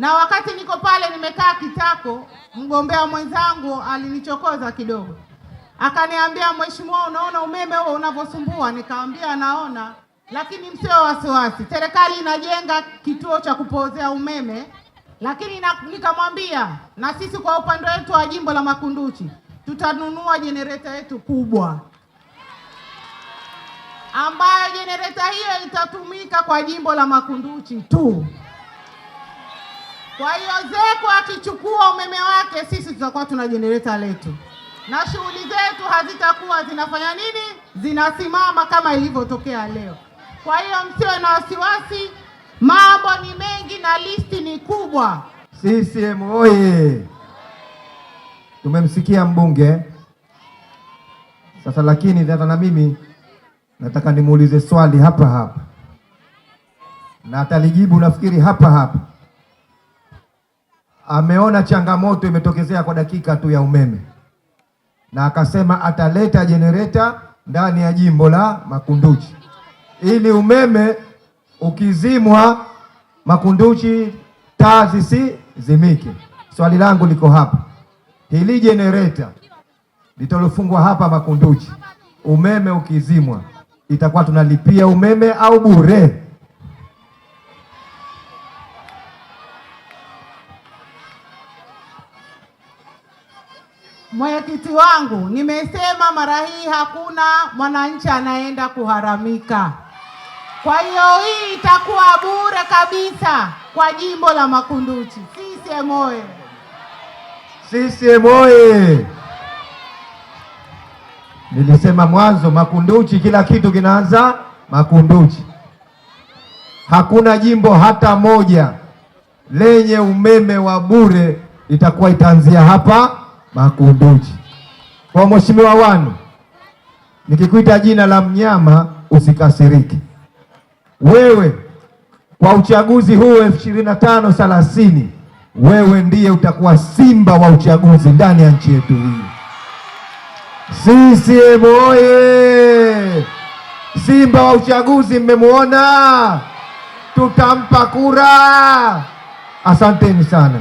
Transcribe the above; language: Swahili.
na wakati niko pale nimekaa kitako, mgombea mwenzangu alinichokoza kidogo, akaniambia mheshimiwa, unaona umeme huo unavyosumbua? Nikamwambia naona, lakini msio wasiwasi, serikali inajenga kituo cha kupozea umeme. Lakini nikamwambia na sisi kwa upande wetu wa jimbo la Makunduchi tutanunua jenereta yetu kubwa ambayo jenereta hiyo itatumika kwa jimbo la Makunduchi tu. Kwa hiyo ZECO akichukua umeme wake, sisi tutakuwa tuna jenereta letu na shughuli zetu hazitakuwa zinafanya nini, zinasimama kama ilivyotokea leo. Kwa hiyo msiwe na wasiwasi, mambo ni mengi na listi ni kubwa. CCM oye! Tumemsikia mbunge sasa, lakini hata na mimi nataka nimuulize swali hapa hapa, na atalijibu nafikiri hapa hapa ameona changamoto imetokezea kwa dakika tu ya umeme, na akasema ataleta jenereta ndani ya jimbo la Makunduchi ili umeme ukizimwa Makunduchi taa zisizimike. Swali langu liko hapa, hili jenereta litalofungwa hapa Makunduchi, umeme ukizimwa, itakuwa tunalipia umeme au bure? Mwenyekiti wangu, nimesema mara hii hakuna mwananchi anaenda kuharamika. Kwa hiyo hii itakuwa bure kabisa kwa jimbo la Makunduchi. CCM oye! CCM oye! Nilisema mwanzo Makunduchi, kila kitu kinaanza Makunduchi. Hakuna jimbo hata moja lenye umeme wa bure, itakuwa itaanzia hapa Makunduchi. Kwa mheshimiwa Wanu, nikikuita jina la mnyama usikasiriki Wewe kwa uchaguzi huu elfu ishirini na tano thelathini, wewe ndiye utakuwa simba wa uchaguzi ndani ya nchi yetu hii. CCM oye! Simba wa uchaguzi mmemwona, tutampa kura. Asanteni sana.